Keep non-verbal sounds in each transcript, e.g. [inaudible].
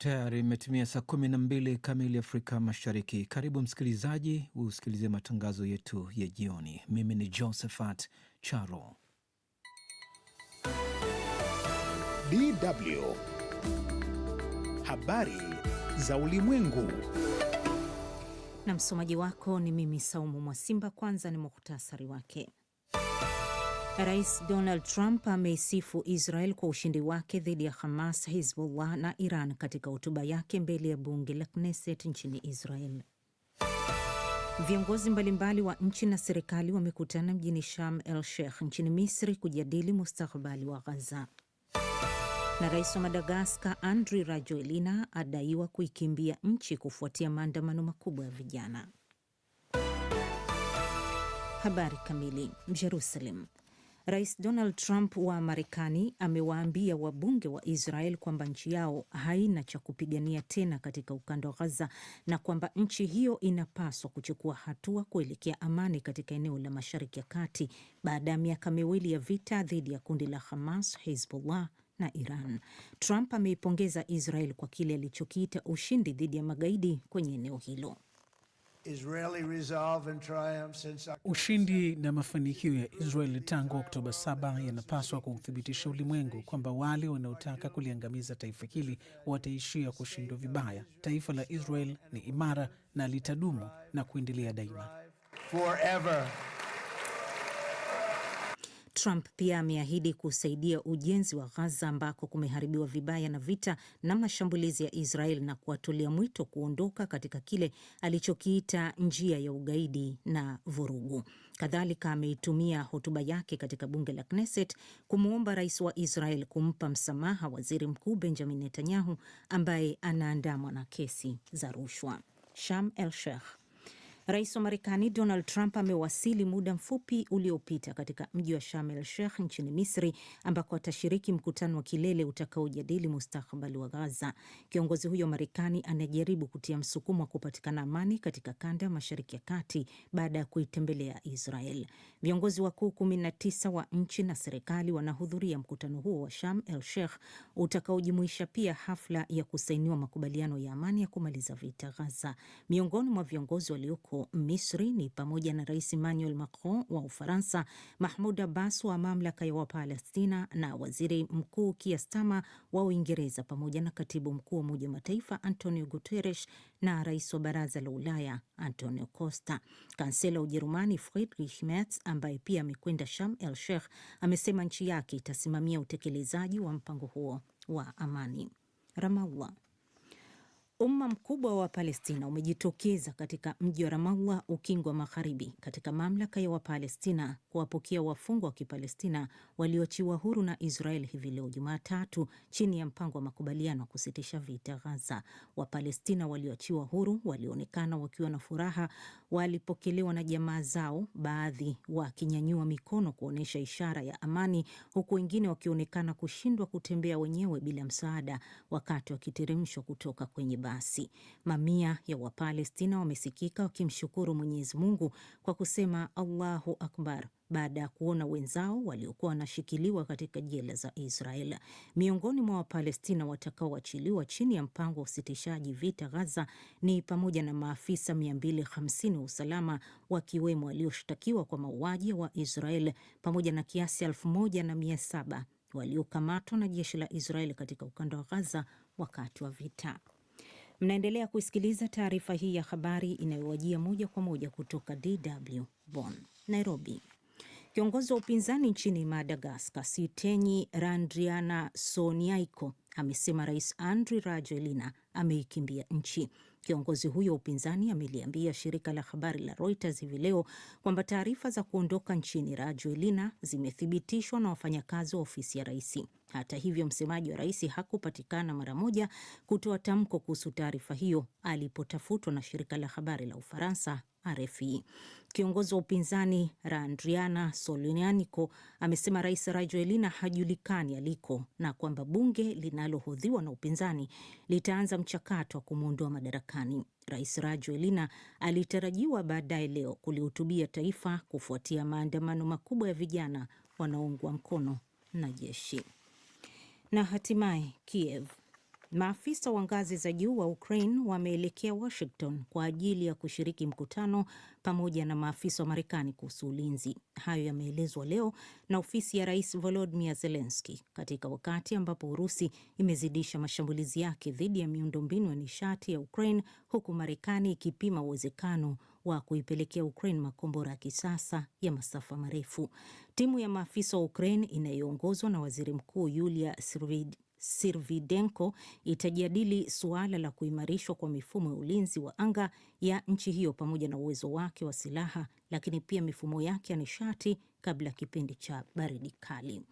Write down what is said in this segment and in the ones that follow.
Tayari imetimia saa kumi na mbili kamili Afrika Mashariki. Karibu msikilizaji, usikilize matangazo yetu ya jioni. Mimi ni Josephat Charo. DW Habari za Ulimwengu na msomaji wako ni mimi Saumu Mwasimba. Kwanza ni muhtasari wake. Rais Donald Trump ameisifu Israel kwa ushindi wake dhidi ya Hamas, Hizbullah na Iran katika hotuba yake mbele ya bunge la Knesset nchini Israel. Viongozi mbalimbali wa nchi na serikali wamekutana mjini Sharm el Sheikh nchini Misri kujadili mustakabali wa Ghaza. Na rais wa Madagaskar Andry Rajoelina adaiwa kuikimbia nchi kufuatia maandamano makubwa ya vijana. Habari kamili. Jerusalem. Rais Donald Trump wa Marekani amewaambia wabunge wa Israel kwamba nchi yao haina cha kupigania tena katika ukanda wa Gaza na kwamba nchi hiyo inapaswa kuchukua hatua kuelekea amani katika eneo la Mashariki ya Kati baada ya miaka miwili ya vita dhidi ya kundi la Hamas, Hezbollah na Iran. Trump ameipongeza Israel kwa kile alichokiita ushindi dhidi ya magaidi kwenye eneo hilo. Ushindi na mafanikio ya Israeli tangu Oktoba 7 yanapaswa kuuthibitisha ulimwengu kwamba wale wanaotaka kuliangamiza taifa hili wataishia kushindwa vibaya. Taifa la Israel ni imara na litadumu na kuendelea daima Forever. Trump pia ameahidi kusaidia ujenzi wa Gaza ambako kumeharibiwa vibaya na vita na mashambulizi ya Israel na kuwatolea mwito kuondoka katika kile alichokiita njia ya ugaidi na vurugu. Kadhalika ameitumia hotuba yake katika bunge la Knesset kumwomba rais wa Israel kumpa msamaha waziri mkuu Benjamin Netanyahu ambaye anaandamwa na kesi za rushwa. Sham El Sheikh Rais wa Marekani Donald Trump amewasili muda mfupi uliopita katika mji wa Sharm el Sheikh nchini Misri, ambako atashiriki mkutano wa kilele utakaojadili mustakabali wa Gaza. Kiongozi huyo wa Marekani anajaribu kutia msukumo wa kupatikana amani katika kanda ya Mashariki ya Kati baada ya kuitembelea Israel. Viongozi wakuu tisa wa nchi na serikali wanahudhuria mkutano huo wa Sharm el Sheikh utakaojumuisha pia hafla ya kusainiwa makubaliano ya amani ya kumaliza vita Gaza. Miongoni mwa viongozi walioko huko Misri ni pamoja na Rais Emmanuel Macron wa Ufaransa, Mahmud Abbas wa mamlaka ya Wapalestina na Waziri Mkuu Keir Starmer wa Uingereza, pamoja na Katibu Mkuu wa Umoja wa Mataifa Antonio Guterres na Rais wa Baraza la Ulaya Antonio Costa. Kansela wa Ujerumani Friedrich Merz ambaye pia amekwenda Sham el Sheikh amesema nchi yake itasimamia utekelezaji wa mpango huo wa amani. Ramallah Umma mkubwa wa Palestina umejitokeza katika mji wa Ramallah, ukingo wa magharibi, katika mamlaka ya Wapalestina kuwapokea wafungwa wa Kipalestina walioachiwa huru na Israel hivi leo Jumatatu, chini ya mpango wa makubaliano wa kusitisha vita ghaza Wapalestina walioachiwa huru walionekana wakiwa na furaha, walipokelewa na jamaa zao, baadhi wakinyanyua mikono kuonyesha ishara ya amani, huku wengine wakionekana kushindwa kutembea wenyewe bila msaada, wakati wakiteremshwa kutoka kwenye basi. Mamia ya Wapalestina wamesikika wakimshukuru Mwenyezi Mungu kwa kusema Allahu Akbar baada ya kuona wenzao waliokuwa wanashikiliwa katika jela za Israel. Miongoni mwa Wapalestina watakaoachiliwa chini ya mpango wa usitishaji vita Gaza ni pamoja na maafisa 250 wa usalama, wakiwemo walioshtakiwa kwa mauaji wa Israel pamoja na kiasi elfu waliokamatwa na jeshi la Israel katika ukanda wa Gaza wakati wa vita. Mnaendelea kusikiliza taarifa hii ya habari inayowajia moja kwa moja kutoka DW Bonn, Nairobi. Kiongozi wa upinzani nchini madagaskar Sitenyi Randriana Soniaiko amesema Rais Andry Rajoelina ameikimbia nchi. Kiongozi huyo wa upinzani ameliambia shirika la habari la Reuters hivi leo kwamba taarifa za kuondoka nchini Rajoelina zimethibitishwa na wafanyakazi wa ofisi ya rais. Hata hivyo, msemaji wa rais hakupatikana mara moja kutoa tamko kuhusu taarifa hiyo alipotafutwa na shirika la habari la Ufaransa RFI. Kiongozi wa upinzani Randriana solianico amesema Rais Rajoelina hajulikani aliko na kwamba bunge linalohodhiwa na upinzani litaanza mchakato wa kumwondoa madarakani. Rais Rajoelina alitarajiwa baadaye leo kulihutubia taifa kufuatia maandamano makubwa ya vijana wanaoungwa mkono na jeshi. Na hatimaye Kiev Maafisa wa ngazi za juu wa Ukraine wameelekea Washington kwa ajili ya kushiriki mkutano pamoja na maafisa wa Marekani kuhusu ulinzi. Hayo yameelezwa leo na ofisi ya Rais Volodymyr Zelensky katika wakati ambapo Urusi imezidisha mashambulizi yake dhidi ya miundombinu ya nishati ya Ukraine huku Marekani ikipima uwezekano wa kuipelekea Ukraine makombora ya kisasa ya masafa marefu. Timu ya maafisa wa Ukraine inayoongozwa na Waziri Mkuu Yulia Sirvidenko itajadili suala la kuimarishwa kwa mifumo ya ulinzi wa anga ya nchi hiyo pamoja na uwezo wake wa silaha, lakini pia mifumo yake ya nishati kabla ya kipindi cha baridi kali.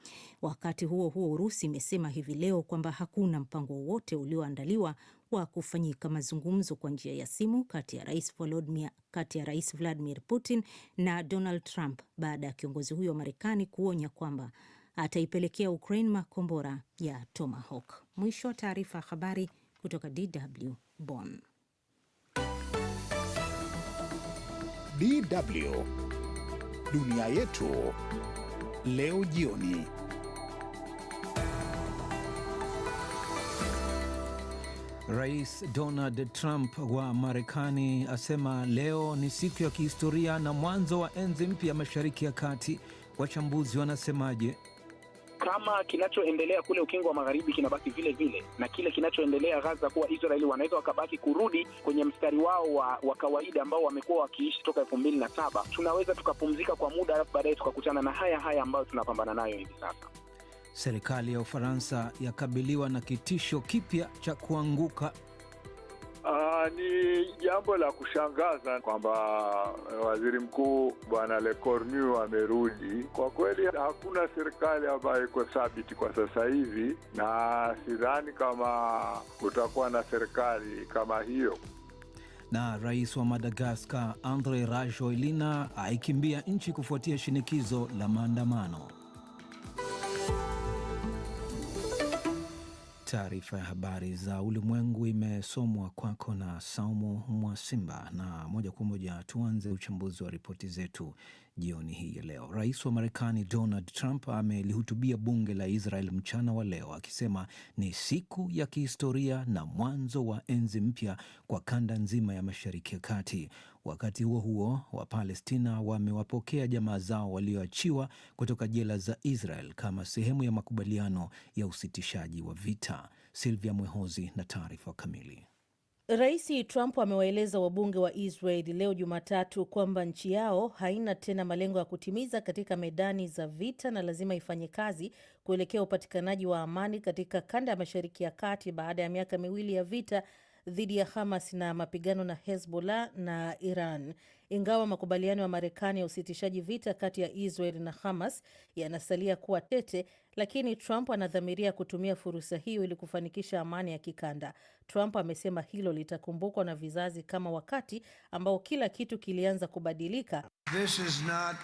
Wakati huo huo, Urusi imesema hivi leo kwamba hakuna mpango wowote ulioandaliwa wa kufanyika mazungumzo kwa njia ya simu kati ya Rais Volodymyr, kati ya Rais Vladimir Putin na Donald Trump baada ya kiongozi huyo wa Marekani kuonya kwamba ataipelekea Ukraine makombora ya Tomahawk. Mwisho wa taarifa ya habari kutoka DW Bonn. DW Dunia Yetu Leo Jioni. Rais Donald Trump wa Marekani asema leo ni siku ya kihistoria na mwanzo wa enzi mpya Mashariki ya Kati. Wachambuzi wanasemaje? kama kinachoendelea kule ukingo wa magharibi kinabaki vile vile na kile kinachoendelea Gaza, kuwa Israeli wanaweza wakabaki kurudi kwenye mstari wao wa, wa kawaida ambao wamekuwa wakiishi toka elfu mbili na saba tunaweza tukapumzika kwa muda, alafu baadaye tukakutana na haya haya ambayo tunapambana nayo hivi sasa. Serikali ya Ufaransa yakabiliwa na kitisho kipya cha kuanguka ni jambo la kushangaza kwamba eh, waziri mkuu bwana Lecornu amerudi. Kwa kweli, hakuna serikali ambayo iko thabiti kwa sasa hivi, na sidhani kama kutakuwa na serikali kama hiyo. Na rais wa Madagaskar Andre Rajoelina aikimbia nchi kufuatia shinikizo la maandamano. Taarifa ya habari za ulimwengu imesomwa kwako na Saumu Mwasimba, na moja kwa moja tuanze uchambuzi wa ripoti zetu jioni hii ya leo. Rais wa Marekani Donald Trump amelihutubia bunge la Israel mchana wa leo akisema ni siku ya kihistoria na mwanzo wa enzi mpya kwa kanda nzima ya Mashariki ya Kati. Wakati huo huo, Wapalestina wamewapokea jamaa zao walioachiwa kutoka jela za Israel kama sehemu ya makubaliano ya usitishaji wa vita. Silvia Mwehozi na taarifa kamili. Rais Trump amewaeleza wabunge wa Israeli leo Jumatatu kwamba nchi yao haina tena malengo ya kutimiza katika medani za vita na lazima ifanye kazi kuelekea upatikanaji wa amani katika kanda ya Mashariki ya Kati baada ya miaka miwili ya vita dhidi ya Hamas na mapigano na Hezbollah na Iran ingawa makubaliano ya Marekani ya usitishaji vita kati ya Israel na Hamas yanasalia kuwa tete, lakini Trump anadhamiria kutumia fursa hiyo ili kufanikisha amani ya kikanda. Trump amesema hilo litakumbukwa na vizazi kama wakati ambao kila kitu kilianza kubadilika. This is not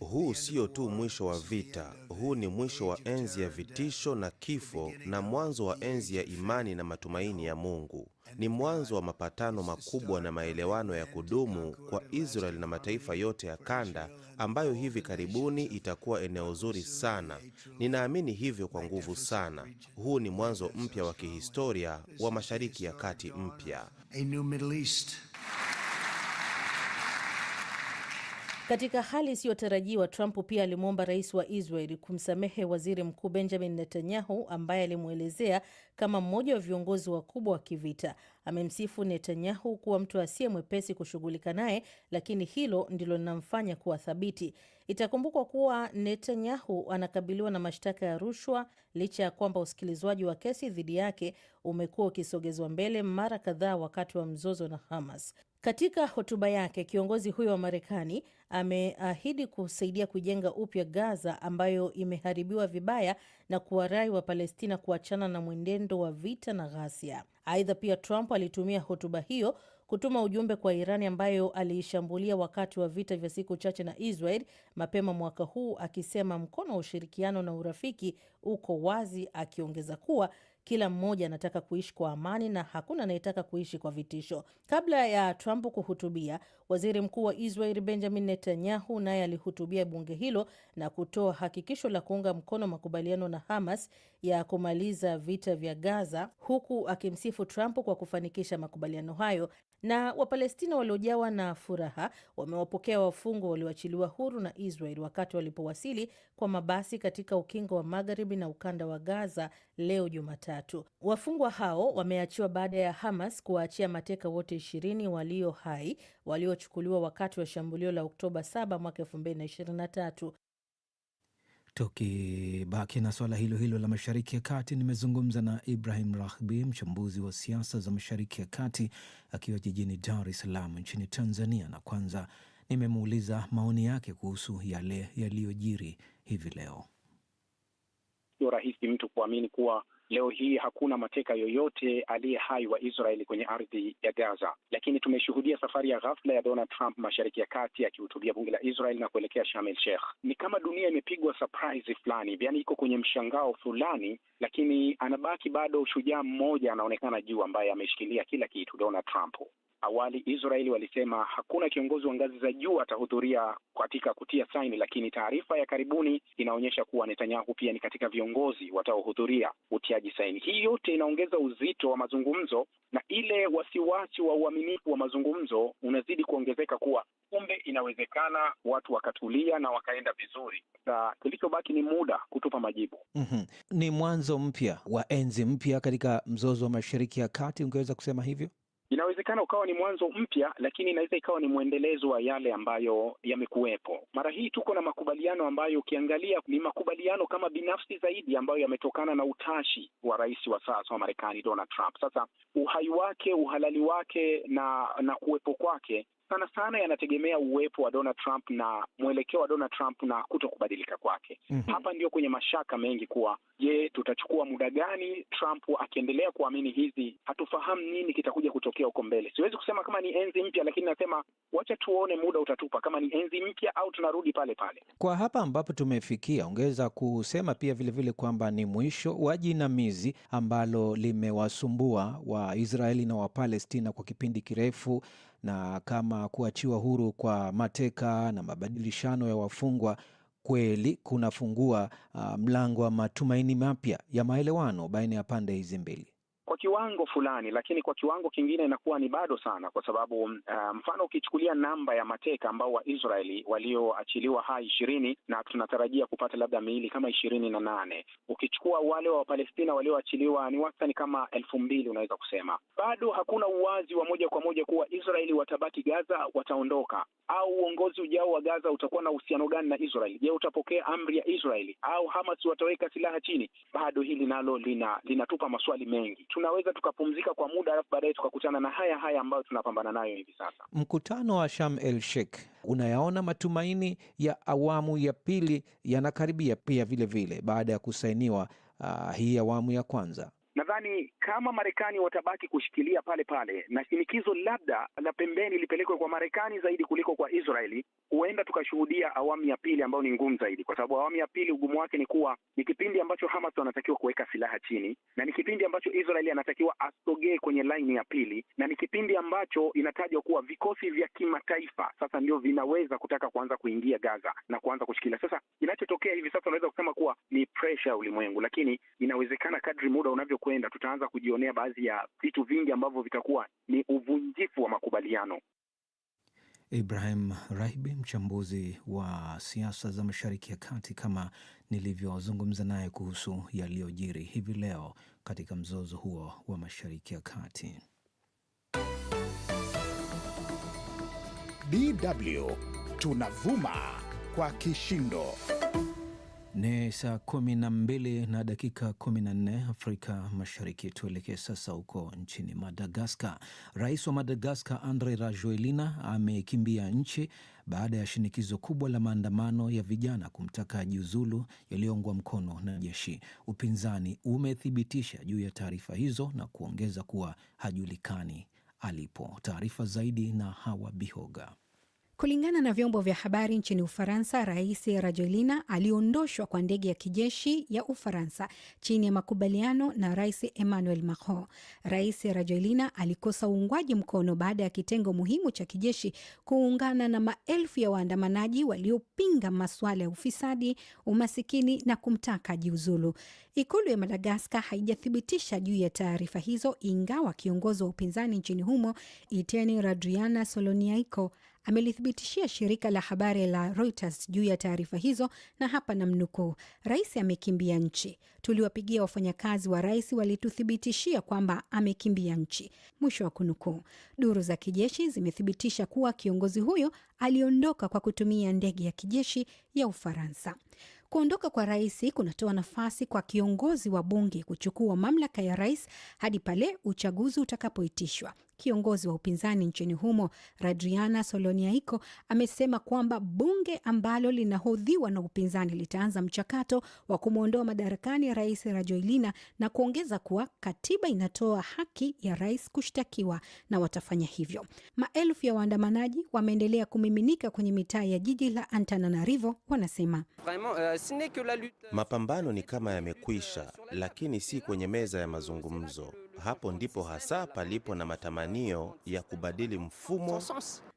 huu sio tu mwisho wa vita, uh, huu ni mwisho wa uh, enzi ya vitisho na kifo na mwanzo wa enzi ya imani na matumaini ya Mungu ni mwanzo wa mapatano makubwa na maelewano ya kudumu kwa Israel na mataifa yote ya kanda ambayo hivi karibuni itakuwa eneo zuri sana. Ninaamini hivyo kwa nguvu sana. Huu ni mwanzo mpya wa kihistoria wa Mashariki ya Kati mpya. Katika hali isiyotarajiwa, Trump pia alimwomba rais wa Israel kumsamehe waziri mkuu Benjamin Netanyahu ambaye alimwelezea kama mmoja wa viongozi wakubwa wa kivita. Amemsifu Netanyahu kuwa mtu asiye mwepesi kushughulika naye, lakini hilo ndilo linamfanya kuwa thabiti. Itakumbukwa kuwa Netanyahu anakabiliwa na mashtaka ya rushwa licha ya kwamba usikilizwaji wa kesi dhidi yake umekuwa ukisogezwa mbele mara kadhaa wakati wa mzozo na Hamas. Katika hotuba yake, kiongozi huyo wa Marekani ameahidi kusaidia kujenga upya Gaza ambayo imeharibiwa vibaya na kuwarai wa Palestina kuachana na mwenendo wa vita na ghasia. Aidha, pia Trump alitumia hotuba hiyo kutuma ujumbe kwa Irani ambayo aliishambulia wakati wa vita vya siku chache na Israel mapema mwaka huu, akisema mkono wa ushirikiano na urafiki uko wazi, akiongeza kuwa kila mmoja anataka kuishi kwa amani na hakuna anayetaka kuishi kwa vitisho. Kabla ya Trump kuhutubia, Waziri Mkuu wa Israel Benjamin Netanyahu naye alihutubia bunge hilo na kutoa hakikisho la kuunga mkono makubaliano na Hamas ya kumaliza vita vya Gaza, huku akimsifu Trump kwa kufanikisha makubaliano hayo. Na Wapalestina waliojawa na furaha wamewapokea wafungwa walioachiliwa huru na Israel wakati walipowasili kwa mabasi katika ukingo wa magharibi na ukanda wa Gaza leo Jumatatu. Wafungwa hao wameachiwa baada ya Hamas kuwaachia mateka wote ishirini walio hai walio waliochukuliwa wakati wa shambulio la Oktoba 7 mwaka 2023. Tukibaki na suala hilo hilo la Mashariki ya Kati, nimezungumza na Ibrahim Rahbi, mchambuzi wa siasa za Mashariki ya Kati, akiwa jijini Dar es Salaam nchini Tanzania, na kwanza nimemuuliza maoni yake kuhusu yale yaliyojiri hivi leo. Sio rahisi mtu kuamini kuwa Leo hii hakuna mateka yoyote aliye hai wa Israeli kwenye ardhi ya Gaza, lakini tumeshuhudia safari ya ghafla ya Donald Trump mashariki ya kati, akihutubia bunge la Israel na kuelekea Sharm el Sheikh. Ni kama dunia imepigwa surprise fulani, yaani iko kwenye mshangao fulani, lakini anabaki bado shujaa mmoja anaonekana juu, ambaye ameshikilia kila kitu, Donald Trump. Awali Israeli walisema hakuna kiongozi wa ngazi za juu atahudhuria katika kutia saini, lakini taarifa ya karibuni inaonyesha kuwa Netanyahu pia ni katika viongozi wataohudhuria utiaji saini. Hii yote inaongeza uzito wa mazungumzo na ile wasiwasi wa uaminifu wa mazungumzo unazidi kuongezeka kuwa kumbe inawezekana watu wakatulia na wakaenda vizuri, na kilichobaki ni muda kutupa majibu. mm -hmm. Ni mwanzo mpya wa enzi mpya katika mzozo wa Mashariki ya Kati, ungeweza kusema hivyo? inawezekana ukawa ni mwanzo mpya, lakini inaweza ikawa ni mwendelezo wa yale ambayo yamekuwepo. Mara hii tuko na makubaliano ambayo ukiangalia ni makubaliano kama binafsi zaidi ambayo yametokana na utashi wa rais wa sasa wa Marekani Donald Trump. Sasa uhai wake, uhalali wake na na kuwepo kwake sana sana yanategemea uwepo wa Donald Trump na mwelekeo wa Donald Trump na kuto kubadilika kwake. mm -hmm. Hapa ndio kwenye mashaka mengi kuwa, je, tutachukua muda gani? Trump akiendelea kuamini hizi, hatufahamu nini kitakuja kutokea huko mbele. Siwezi kusema kama ni enzi mpya, lakini nasema wacha tuone, muda utatupa kama ni enzi mpya au tunarudi pale pale. Kwa hapa ambapo tumefikia, ungeweza kusema pia vilevile kwamba ni mwisho wa jinamizi ambalo limewasumbua Waisraeli na Wapalestina kwa kipindi kirefu na kama kuachiwa huru kwa mateka na mabadilishano ya wafungwa kweli kunafungua uh, mlango wa matumaini mapya ya maelewano baina ya pande hizi mbili kwa kiwango fulani, lakini kwa kiwango kingine inakuwa ni bado sana, kwa sababu uh, mfano ukichukulia namba ya mateka ambao Waisraeli walioachiliwa hai ishirini na tunatarajia kupata labda miili kama ishirini na nane ukichukua wale wa Wapalestina walioachiliwa ni wastani kama elfu mbili unaweza kusema bado hakuna uwazi wa moja kwa moja kuwa Israeli watabaki Gaza, wataondoka au uongozi ujao wa Gaza utakuwa na uhusiano gani na Israeli? Je, utapokea amri ya Israeli au Hamas wataweka silaha chini? Bado hili nalo linatupa lina maswali mengi tunaweza tukapumzika kwa muda, alafu baadaye tukakutana na haya haya ambayo tunapambana nayo hivi sasa. Mkutano wa Sharm el Sheikh, unayaona matumaini ya awamu ya pili yanakaribia pia vilevile vile baada ya kusainiwa uh, hii awamu ya kwanza? Nadhani kama Marekani watabaki kushikilia pale pale na shinikizo labda la pembeni lipelekwe kwa Marekani zaidi kuliko kwa Israeli, huenda tukashuhudia awamu ya pili ambayo ni ngumu zaidi, kwa sababu awamu ya pili ugumu wake ni kuwa ni kipindi ambacho Hamas wanatakiwa kuweka silaha chini na ni kipindi ambacho Israeli anatakiwa asogee kwenye laini ya pili na ni kipindi ambacho inatajwa kuwa vikosi vya kimataifa sasa ndio vinaweza kutaka kuanza kuingia Gaza na kuanza kushikilia. Sasa kinachotokea hivi sasa, unaweza kusema kuwa ni pressure ya ulimwengu, lakini inawezekana kadri muda unavyo tunavyokwenda tutaanza kujionea baadhi ya vitu vingi ambavyo vitakuwa ni uvunjifu wa makubaliano. Ibrahim Rahibi, mchambuzi wa siasa za Mashariki ya Kati, kama nilivyozungumza naye kuhusu yaliyojiri hivi leo katika mzozo huo wa Mashariki ya Kati. DW tunavuma kwa kishindo. Ni saa kumi na mbili na dakika kumi na nne Afrika Mashariki. Tuelekee sasa huko nchini Madagaskar. Rais wa Madagaskar Andre Rajoelina amekimbia nchi baada ya shinikizo kubwa la maandamano ya vijana kumtaka ajiuzulu yaliyoungwa mkono na jeshi. Upinzani umethibitisha juu ya taarifa hizo na kuongeza kuwa hajulikani alipo. Taarifa zaidi na Hawa Bihoga. Kulingana na vyombo vya habari nchini Ufaransa, Rais Rajoelina aliondoshwa kwa ndege ya kijeshi ya Ufaransa chini ya makubaliano na Rais Emmanuel Macron. Rais Rajoelina alikosa uungwaji mkono baada ya kitengo muhimu cha kijeshi kuungana na maelfu ya waandamanaji waliopinga masuala ya ufisadi, umasikini na kumtaka jiuzulu. Ikulu ya Madagaskar haijathibitisha juu ya taarifa hizo, ingawa kiongozi wa upinzani nchini humo Etienne Radriana Soloniaiko amelithibitishia shirika la habari la Reuters juu ya taarifa hizo, na hapa namnukuu: rais amekimbia nchi, tuliwapigia wafanyakazi wa rais, walituthibitishia kwamba amekimbia nchi, mwisho wa kunukuu. Duru za kijeshi zimethibitisha kuwa kiongozi huyo aliondoka kwa kutumia ndege ya kijeshi ya Ufaransa. Kuondoka kwa rais kunatoa nafasi kwa kiongozi wa bunge kuchukua mamlaka ya rais hadi pale uchaguzi utakapoitishwa. Kiongozi wa upinzani nchini humo Radriana Soloniaiko amesema kwamba bunge ambalo linahodhiwa na upinzani litaanza mchakato wa kumwondoa madarakani Rais Rajoelina na kuongeza kuwa katiba inatoa haki ya rais kushtakiwa na watafanya hivyo. Maelfu ya waandamanaji wameendelea kumiminika kwenye mitaa ya jiji la Antananarivo, wanasema euh, mapambano ni kama yamekwisha, lakini si kwenye meza ya mazungumzo hapo ndipo hasa palipo na matamanio ya kubadili mfumo.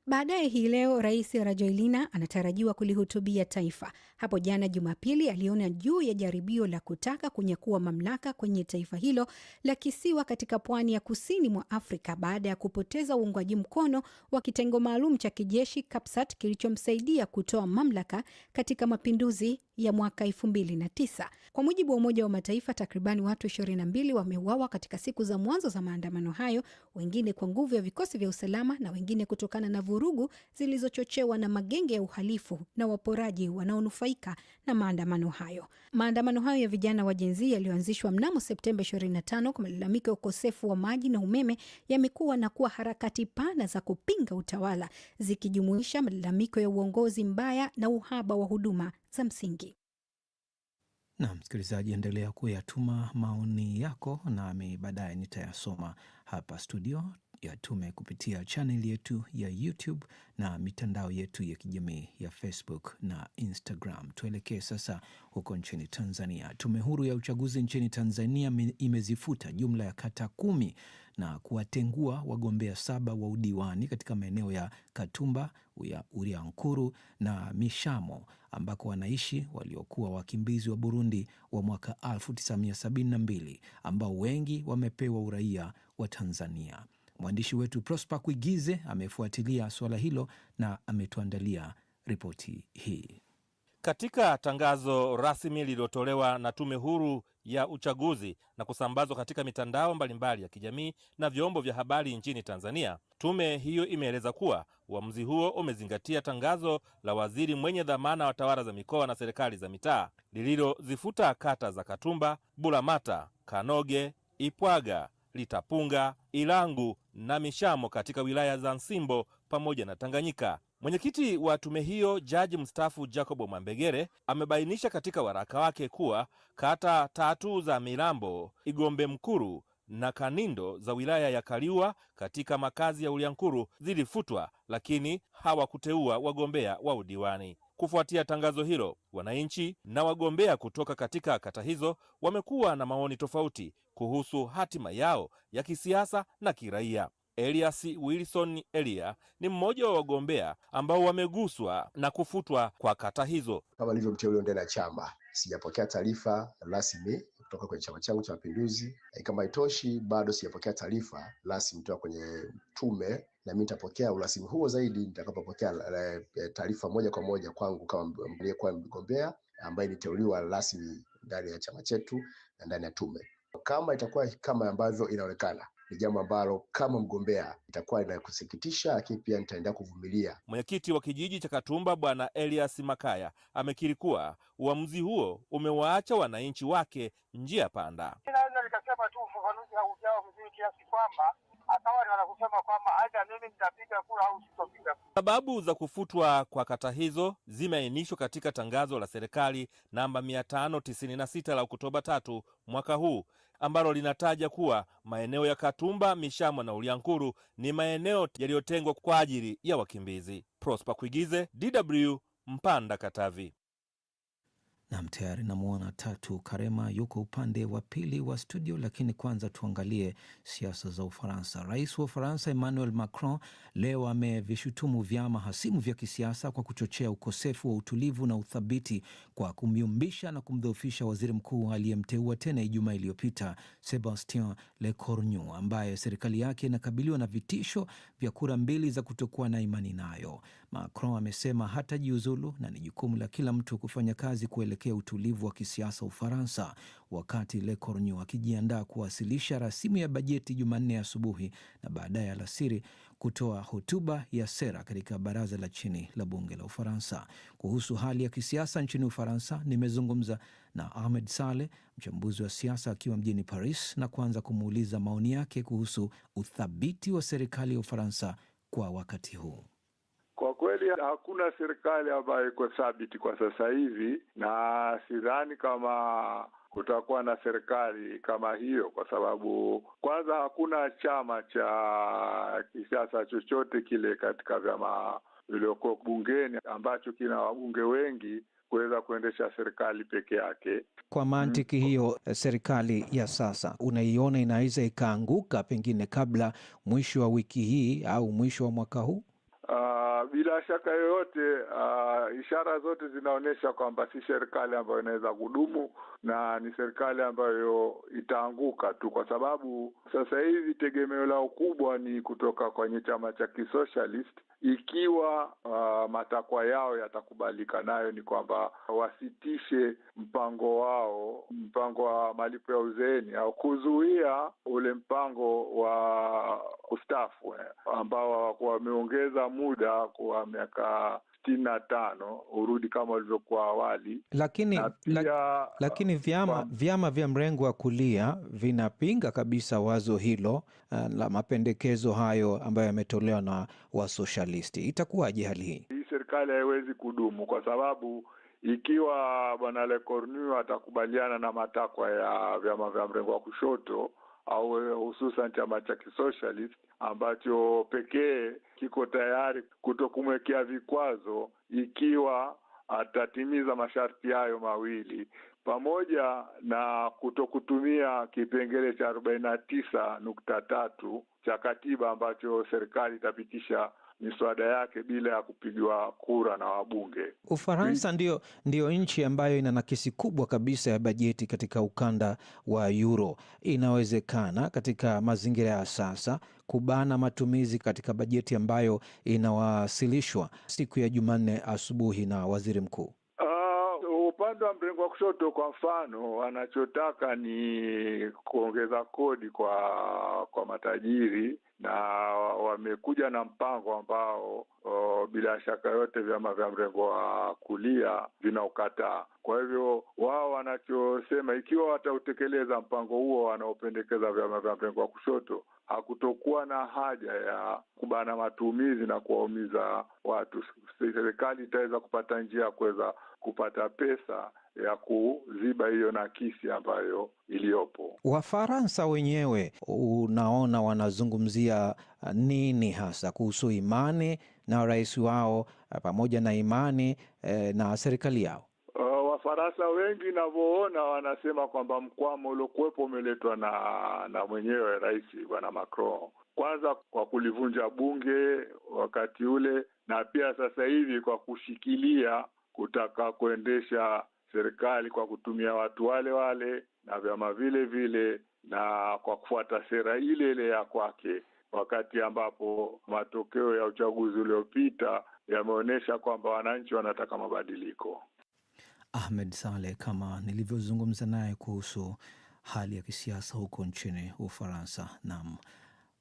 Baadaye hii leo Rais Rajoelina anatarajiwa kulihutubia taifa. Hapo jana Jumapili aliona juu ya jaribio la kutaka kunyakua mamlaka kwenye taifa hilo la kisiwa katika pwani ya kusini mwa Afrika baada ya kupoteza uungwaji mkono wa kitengo maalum cha kijeshi CAPSAT kilichomsaidia kutoa mamlaka katika mapinduzi ya mwaka 2009. Kwa mujibu wa Umoja wa Mataifa, takribani watu 22 wameuawa katika siku za mwanzo za maandamano hayo, wengine kwa nguvu ya vikosi vya usalama na wengine kutokana na vurugu zilizochochewa na magenge ya uhalifu na waporaji wanaonufaika na maandamano hayo. Maandamano hayo ya vijana wa jenzi yaliyoanzishwa mnamo Septemba 25 kwa malalamiko ya ukosefu wa maji na umeme yamekuwa na kuwa harakati pana za kupinga utawala zikijumuisha malalamiko ya uongozi mbaya na uhaba wa huduma za msingi. Na msikilizaji, endelea kuyatuma maoni yako nami baadaye nitayasoma hapa studio. Yatume kupitia chaneli yetu ya YouTube na mitandao yetu ya kijamii ya Facebook na Instagram. Tuelekee sasa huko nchini Tanzania. Tume Huru ya Uchaguzi nchini Tanzania imezifuta jumla ya kata kumi na kuwatengua wagombea saba wa udiwani katika maeneo ya Katumba, Uriankuru na Mishamo ambako wanaishi waliokuwa wakimbizi wa Burundi wa mwaka 1972 ambao wengi wamepewa uraia wa Tanzania. Mwandishi wetu Prosper Kuigize amefuatilia suala hilo na ametuandalia ripoti hii. Katika tangazo rasmi lililotolewa na Tume Huru ya uchaguzi na kusambazwa katika mitandao mbalimbali ya kijamii na vyombo vya habari nchini Tanzania. Tume hiyo imeeleza kuwa uamuzi huo umezingatia tangazo la waziri mwenye dhamana wa tawala za mikoa na serikali za mitaa lililozifuta kata za Katumba, Bulamata, Kanoge, Ipwaga, Litapunga, Ilangu na Mishamo katika wilaya za Nsimbo pamoja na Tanganyika Mwenyekiti wa tume hiyo jaji mstaafu Jacob Mwambegere amebainisha katika waraka wake kuwa kata tatu za Mirambo, Igombe Mkuru na Kanindo za wilaya ya Kaliua katika makazi ya Ulyankuru zilifutwa, lakini hawakuteua wagombea wa udiwani. Kufuatia tangazo hilo, wananchi na wagombea kutoka katika kata hizo wamekuwa na maoni tofauti kuhusu hatima yao ya kisiasa na kiraia. Elias Wilson Elia ni mmoja wa wagombea ambao wameguswa na kufutwa kwa kata hizo. Kama nilivyomteuliwa ndani ya chama, sijapokea taarifa rasmi kutoka kwenye chama changu cha Mapinduzi. Kama haitoshi, bado sijapokea taarifa rasmi kutoka kwenye tume, na mimi nitapokea urasmi huo zaidi nitakapopokea eh, taarifa moja kwa moja kwangu kama aliyekuwa mgombea ambaye niteuliwa rasmi ndani ya chama chetu na ndani ya tume, kama itakuwa kama ambavyo inaonekana ni jambo ambalo kama mgombea itakuwa inakusikitisha, lakini pia nitaendelea kuvumilia. Mwenyekiti wa kijiji cha Katumba Bwana Elias Makaya amekiri kuwa uamuzi huo umewaacha wananchi wake njia panda. Naweza nikasema tu ufafanuzi haujao mzuri kiasi kwamba akawa kwamba aidha mimi nitapiga kura au sitopiga kura. Sababu za kufutwa kwa kata hizo zimeainishwa katika tangazo la serikali namba mia tano tisini na sita la Oktoba tatu mwaka huu ambalo linataja kuwa maeneo ya Katumba, Mishamo na uliankuru ni maeneo yaliyotengwa kwa ajili ya wakimbizi. Prosper Kuigize, DW, Mpanda, Katavi. Nam, tayari namwona Tatu Karema yuko upande wa pili wa studio, lakini kwanza tuangalie siasa za Ufaransa. Rais wa Ufaransa Emmanuel Macron leo amevishutumu vyama hasimu vya kisiasa kwa kuchochea ukosefu wa utulivu na uthabiti kwa kumyumbisha na kumdhoofisha waziri mkuu aliyemteua tena Ijumaa iliyopita Sebastien Lecornu, ambaye serikali yake inakabiliwa na vitisho vya kura mbili za kutokuwa na imani nayo. Macron amesema hatajiuzulu na ni jukumu la kila mtu kufanya kazi kuelekea utulivu wa kisiasa Ufaransa, wakati Le Cornu akijiandaa kuwasilisha rasimu ya bajeti Jumanne asubuhi na baadaye alasiri kutoa hotuba ya sera katika baraza la chini la bunge la Ufaransa. Kuhusu hali ya kisiasa nchini Ufaransa, nimezungumza na Ahmed Saleh, mchambuzi wa siasa akiwa mjini Paris, na kuanza kumuuliza maoni yake kuhusu uthabiti wa serikali ya Ufaransa kwa wakati huu. Kwa kweli hakuna serikali ambayo iko thabiti kwa sasa hivi, na sidhani kama kutakuwa na serikali kama hiyo, kwa sababu kwanza hakuna chama cha kisiasa chochote kile katika vyama viliokuwa bungeni ambacho kina wabunge wengi kuweza kuendesha serikali peke yake. Kwa mantiki mm. hiyo eh, serikali ya sasa unaiona inaweza ikaanguka pengine kabla mwisho wa wiki hii au mwisho wa mwaka huu? Uh, bila shaka yoyote uh, ishara zote zinaonyesha kwamba si serikali ambayo inaweza kudumu na ni serikali ambayo itaanguka tu, kwa sababu sasa hivi tegemeo lao kubwa ni kutoka kwenye chama cha kisocialist. Ikiwa uh, matakwa yao yatakubalika, nayo ni kwamba wasitishe mpango wao, mpango wa malipo ya uzeeni au kuzuia ule mpango wa kustafu eh, ambao hawakuwa wameongeza muda kwa miaka sitini na tano urudi kama ulivyokuwa awali. Lakini, pia, la, lakini vyama, kwa... vyama vya mrengo wa kulia vinapinga kabisa wazo hilo eh, la mapendekezo hayo ambayo yametolewa na wasoshalisti. Itakuwaje hali hii? Hii serikali haiwezi kudumu kwa sababu ikiwa bwana Lecornu atakubaliana na matakwa ya vyama vya mrengo wa kushoto au hususan chama cha kisoshalisti ambacho pekee kiko tayari kutokumwekea vikwazo ikiwa atatimiza masharti hayo mawili pamoja na kutokutumia kipengele cha arobaini na tisa nukta tatu cha katiba ambacho serikali itapitisha miswada yake bila ya kupigiwa kura na wabunge. Ufaransa ndiyo, ndiyo nchi ambayo ina nakisi kubwa kabisa ya bajeti katika ukanda wa Euro. Inawezekana katika mazingira ya sasa kubana matumizi katika bajeti ambayo inawasilishwa siku ya Jumanne asubuhi na waziri mkuu? Ah, upande wa mrengo wa kushoto kwa mfano, anachotaka ni kuongeza kodi kwa kwa matajiri na wamekuja na mpango ambao o, bila shaka yote vyama vya mrengo wa kulia vinaokataa Kwa hivyo wao wanachosema, ikiwa watautekeleza mpango huo wanaopendekeza vyama vya mrengo wa kushoto, hakutokuwa na haja ya kubana matumizi na kuwaumiza watu. Serikali itaweza kupata njia ya kuweza kupata pesa ya kuziba hiyo nakisi ambayo iliyopo. Wafaransa wenyewe unaona wanazungumzia nini hasa kuhusu imani na rais wao pamoja na imani eh, na serikali yao? Uh, Wafaransa wengi navyoona wanasema kwamba mkwamo uliokuwepo umeletwa na na mwenyewe rais bwana Macron, kwanza kwa kulivunja bunge wakati ule, na pia sasa hivi kwa kushikilia kutaka kuendesha serikali kwa kutumia watu wale wale na vyama vile vile na kwa kufuata sera ile ile ya kwake, wakati ambapo matokeo ya uchaguzi uliopita yameonyesha kwamba wananchi wanataka mabadiliko. Ahmed Saleh, kama nilivyozungumza naye kuhusu hali ya kisiasa huko nchini Ufaransa. Naam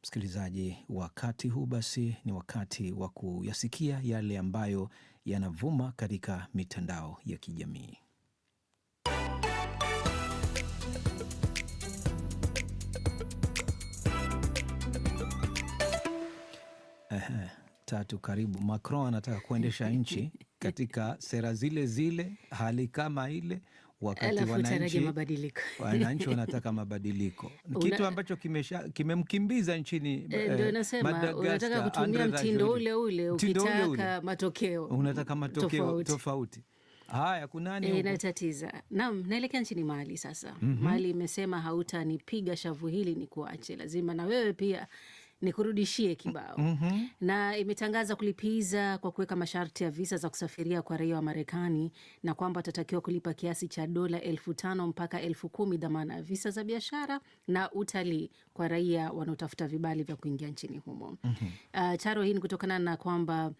msikilizaji, wakati huu basi ni wakati wa kuyasikia yale ambayo yanavuma katika mitandao ya kijamii. Ehe, tatu karibu. Macron anataka kuendesha nchi [laughs] katika sera zile zile, hali kama ile, wakati [laughs] wananchi wanataka mabadiliko Una... kitu ambacho kimemkimbiza nchini e, nasema, unataka kutumia mtindo ule ule, ukitaka matokeo unataka matokeo tofauti, tofauti. Haya, kunani e, eh, natatiza. nam naelekea nchini Mali sasa. mm -hmm. Mali imesema hautanipiga shavu hili ni kuache, lazima na wewe pia nikurudishie kibao mm -hmm. na imetangaza kulipiza kwa kuweka masharti ya visa za kusafiria kwa raia wa Marekani na kwamba watatakiwa kulipa kiasi cha dola elfu tano mpaka elfu kumi dhamana ya visa za biashara na utalii kwa raia wanaotafuta vibali vya kuingia nchini humo. mm -hmm. Uh, Charo, hii ni kutokana na kwamba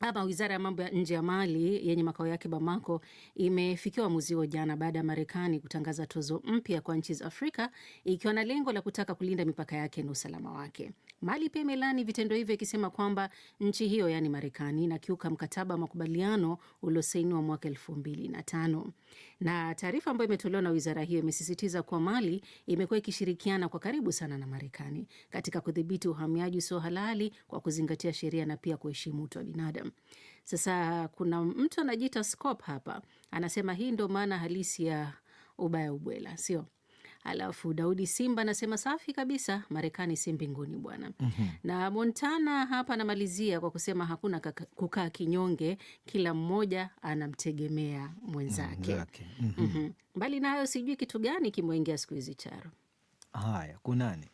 ama wizara ya mambo ya nje ya Mali yenye makao yake Bamako imefikia uamuzi huo jana baada ya Marekani kutangaza tozo mpya kwa nchi za Afrika ikiwa na lengo la kutaka kulinda mipaka yake na usalama wake. Mali pia imelani vitendo hivyo ikisema kwamba nchi hiyo yaani Marekani inakiuka mkataba wa makubaliano uliosainiwa mwaka elfu mbili na tano. Na taarifa ambayo imetolewa na wizara hiyo imesisitiza kuwa Mali imekuwa ikishirikiana kwa karibu sana na Marekani katika kudhibiti uhamiaji usio halali kwa kuzingatia sheria na pia kuheshimu utu wa binadamu. Sasa kuna mtu anajiita Scop hapa, anasema hii ndo maana halisi ya ubaya ubwela, sio? Alafu Daudi Simba anasema safi kabisa, Marekani si mbinguni bwana. mm -hmm. Na Montana hapa anamalizia kwa kusema hakuna kukaa kinyonge, kila mmoja anamtegemea mwenzake. mm -hmm. mm -hmm. Mbali na hayo, sijui kitu gani kimwengea siku hizi Charo. Haya, kunani?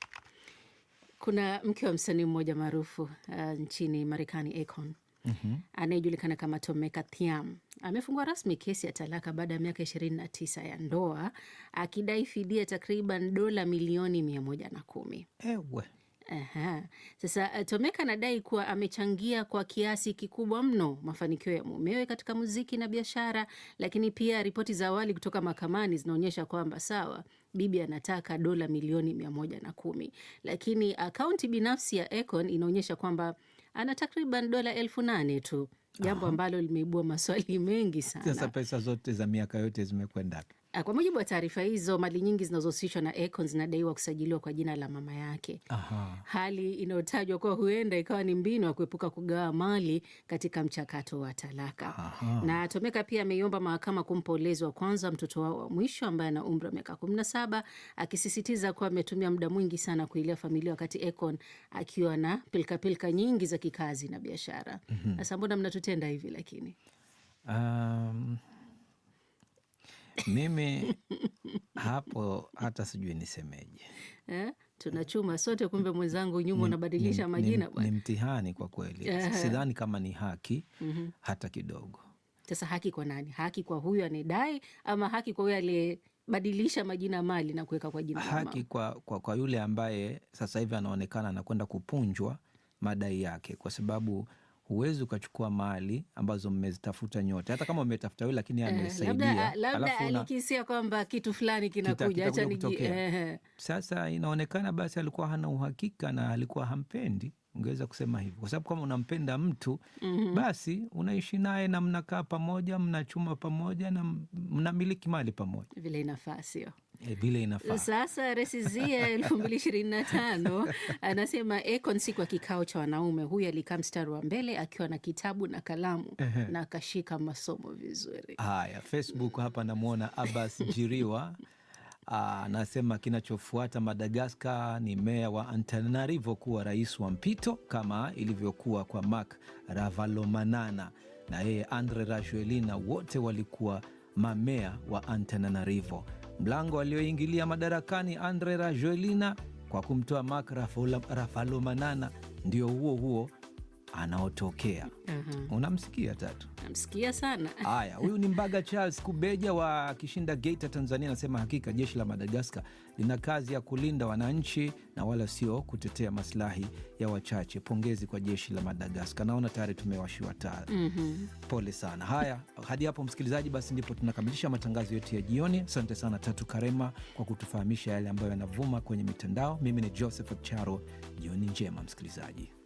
Kuna mke wa msanii mmoja maarufu uh, nchini Marekani, Akon -hmm. anayejulikana kama Tomeka Thiam amefungua rasmi kesi ya talaka baada ya miaka tisa ya ndoa akidai fidia takriban dola milioni 110. Ewe. Aha. Sasa eh, Tomeka anadai kuwa amechangia kwa kiasi kikubwa mno mafanikio ya mumewe katika muziki na biashara, lakini pia ripoti za awali kutoka mahakamani zinaonyesha kwamba sawa, bibi anataka dola milioni mia moja na kumi, lakini akaunti binafsi ya Akon inaonyesha kwamba ana takriban dola elfu nane tu, jambo ambalo limeibua maswali mengi sana. Sasa pesa zote za miaka yote zimekwenda Ah, kwa mujibu wa taarifa hizo, mali nyingi zinazohusishwa na Akon zinadaiwa kusajiliwa kwa jina la mama yake. Aha. Hali inayotajwa kuwa huenda ikawa ni mbinu ya kuepuka kugawa mali katika mchakato wa talaka. Aha. Na Tomeka pia ameiomba mahakama kumpa ulezi wa kwanza mtoto wao wa mwisho ambaye ana umri wa miaka 17, akisisitiza kuwa ametumia muda mwingi sana kuilea familia wakati Akon akiwa na pilkapilka nyingi za kikazi na biashara. Mhm. Sasa mbona mnatutenda hivi lakini Uh, mimi hapo hata sijui nisemeje eh? Tunachuma sote kumbe, mwenzangu nyuma unabadilisha majina. Ni mtihani kwa kweli eh. Sidhani kama ni haki mm -hmm. hata kidogo. Sasa haki kwa nani? Haki kwa huyo anedai ama haki kwa huyo aliyebadilisha majina mali na kuweka kwa jina haki kwa, kwa, kwa yule ambaye sasa hivi anaonekana anakwenda kupunjwa madai yake kwa sababu huwezi ukachukua mali ambazo mmezitafuta nyote, hata kama umetafuta wewe, lakini eh, amesaidia, labda eh, alikisia kwamba kitu fulani kinakuja, acha nije. Eh, Sasa inaonekana basi alikuwa hana uhakika na alikuwa hampendi Ungeweza kusema hivyo kwa sababu kama unampenda mtu mm -hmm. basi unaishi naye na mnakaa pamoja, mnachuma pamoja na mnamiliki mali pamoja, vile inafaa, sio? Eh, vile inafaa. Sasa Resizia [laughs] elfu mbili ishirini na tano anasema Akon si kwa kikao cha wanaume. Huyu alikaa mstari wa mbele akiwa na kitabu na kalamu na akashika masomo vizuri. Haya, Facebook hapa namwona Abbas Jiriwa [laughs] anasema kinachofuata Madagaskar ni meya wa Antananarivo kuwa rais wa mpito kama ilivyokuwa kwa Marc Ravalomanana na yeye Andre Rajoelina, wote walikuwa mamea wa Antananarivo mlango alioingilia madarakani Andre Rajoelina kwa kumtoa Marc Rafalomanana ndio huo huo anaotokea mm-hmm. Unamsikia Tatu, namsikia sana [laughs] haya. Huyu ni Mbaga Charles Kubeja wa Kishinda Geita, Tanzania, anasema hakika jeshi la Madagaskar lina kazi ya kulinda wananchi na wala sio kutetea maslahi ya wachache. Pongezi kwa jeshi la Madagaskar. Naona tayari tumewashiwa taa. mm-hmm. Pole sana. Haya, hadi hapo msikilizaji, basi ndipo tunakamilisha matangazo yetu ya jioni. Asante sana Tatu Karema kwa kutufahamisha yale ambayo yanavuma kwenye mitandao. Mimi ni Josephat Charo, jioni njema msikilizaji.